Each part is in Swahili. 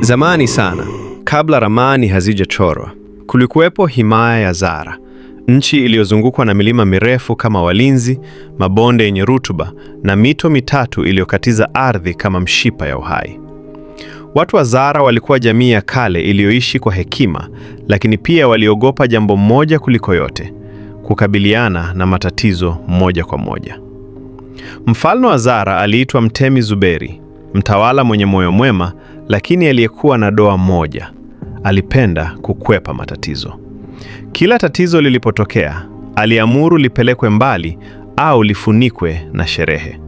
Zamani sana, kabla ramani hazijachorwa, kulikuwepo himaya ya Zara, nchi iliyozungukwa na milima mirefu kama walinzi, mabonde yenye rutuba na mito mitatu iliyokatiza ardhi kama mshipa ya uhai. Watu wa Zara walikuwa jamii ya kale iliyoishi kwa hekima, lakini pia waliogopa jambo moja kuliko yote: kukabiliana na matatizo moja kwa moja. Mfalme wa Zara aliitwa Mtemi Zuberi, mtawala mwenye moyo mwema lakini aliyekuwa na doa moja, alipenda kukwepa matatizo. Kila tatizo lilipotokea, aliamuru lipelekwe mbali au lifunikwe na sherehe.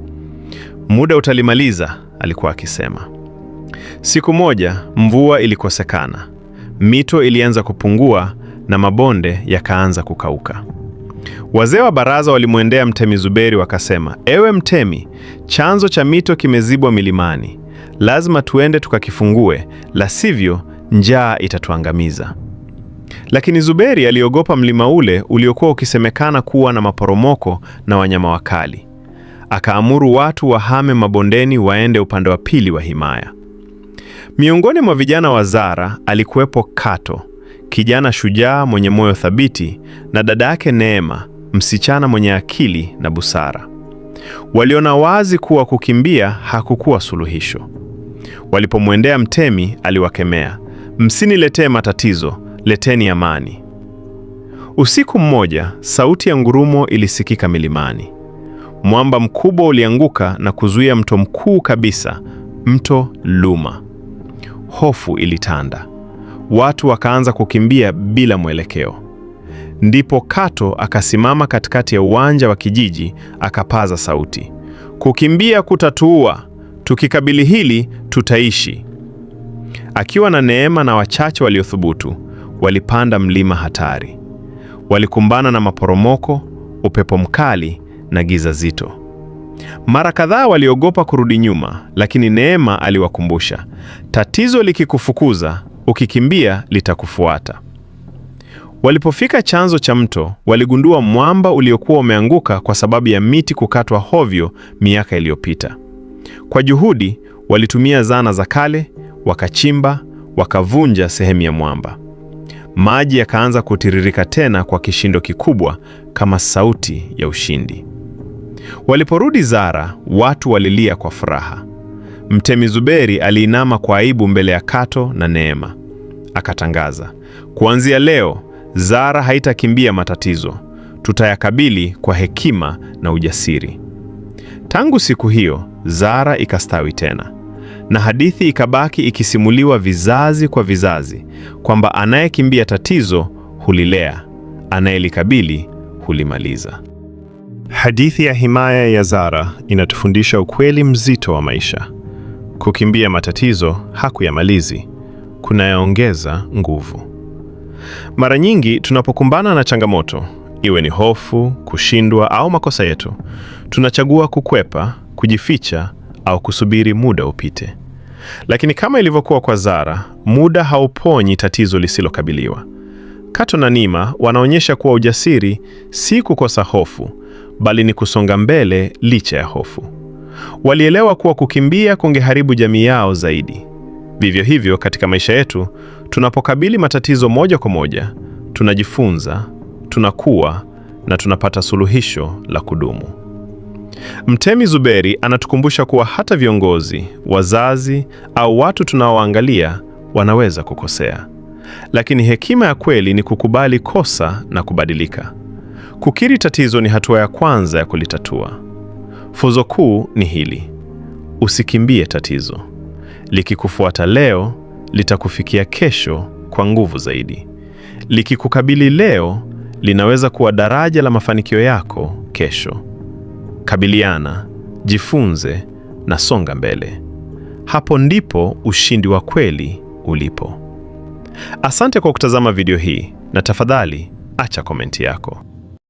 Muda utalimaliza, alikuwa akisema. Siku moja mvua ilikosekana, mito ilianza kupungua na mabonde yakaanza kukauka. Wazee wa baraza walimwendea Mtemi Zuberi wakasema, ewe Mtemi, chanzo cha mito kimezibwa milimani, lazima tuende tukakifungue, la sivyo njaa itatuangamiza. Lakini Zuberi aliogopa mlima ule uliokuwa ukisemekana kuwa na maporomoko na wanyama wakali. Akaamuru watu wahame mabondeni waende upande wa pili wa himaya. Miongoni mwa vijana wa Zara alikuwepo Kato, kijana shujaa mwenye moyo thabiti, na dada yake Neema, msichana mwenye akili na busara. Waliona wazi kuwa kukimbia hakukuwa suluhisho. Walipomwendea mtemi, aliwakemea, msiniletee matatizo, leteni amani. Usiku mmoja, sauti ya ngurumo ilisikika milimani. Mwamba mkubwa ulianguka na kuzuia mto mkuu kabisa, mto Luma. Hofu ilitanda, watu wakaanza kukimbia bila mwelekeo. Ndipo Kato akasimama katikati ya uwanja wa kijiji akapaza sauti, kukimbia kutatuua, tukikabili hili tutaishi. Akiwa na Neema na wachache waliothubutu, walipanda mlima hatari. Walikumbana na maporomoko, upepo mkali na giza zito. Mara kadhaa waliogopa kurudi nyuma, lakini Neema aliwakumbusha, tatizo likikufukuza, ukikimbia litakufuata. Walipofika chanzo cha mto, waligundua mwamba uliokuwa umeanguka kwa sababu ya miti kukatwa hovyo miaka iliyopita. Kwa juhudi, walitumia zana za kale, wakachimba, wakavunja sehemu ya mwamba. Maji yakaanza kutiririka tena kwa kishindo kikubwa kama sauti ya ushindi. Waliporudi Zara, watu walilia kwa furaha. Mtemi Zuberi aliinama kwa aibu mbele ya Kato na Neema, akatangaza, kuanzia leo Zara haitakimbia matatizo, tutayakabili kwa hekima na ujasiri. Tangu siku hiyo Zara ikastawi tena, na hadithi ikabaki ikisimuliwa vizazi kwa vizazi kwamba anayekimbia tatizo hulilea, anayelikabili hulimaliza. Hadithi ya Himaya ya Zara inatufundisha ukweli mzito wa maisha: kukimbia matatizo hakuyamalizi, kunayaongeza nguvu. Mara nyingi tunapokumbana na changamoto, iwe ni hofu, kushindwa au makosa yetu, tunachagua kukwepa, kujificha au kusubiri muda upite. Lakini kama ilivyokuwa kwa Zara, muda hauponyi tatizo lisilokabiliwa. Kato na Nima wanaonyesha kuwa ujasiri si kukosa hofu, bali ni kusonga mbele licha ya hofu. Walielewa kuwa kukimbia kungeharibu jamii yao zaidi. Vivyo hivyo katika maisha yetu, tunapokabili matatizo moja kwa moja, tunajifunza, tunakuwa na tunapata suluhisho la kudumu. Mtemi Zuberi anatukumbusha kuwa hata viongozi, wazazi au watu tunaoangalia wanaweza kukosea, lakini hekima ya kweli ni kukubali kosa na kubadilika. Kukiri tatizo ni hatua ya kwanza ya kulitatua. Funzo kuu ni hili: usikimbie tatizo likikufuata leo litakufikia kesho kwa nguvu zaidi. Likikukabili leo linaweza kuwa daraja la mafanikio yako kesho. Kabiliana, jifunze na songa mbele. Hapo ndipo ushindi wa kweli ulipo. Asante kwa kutazama video hii na tafadhali acha komenti yako.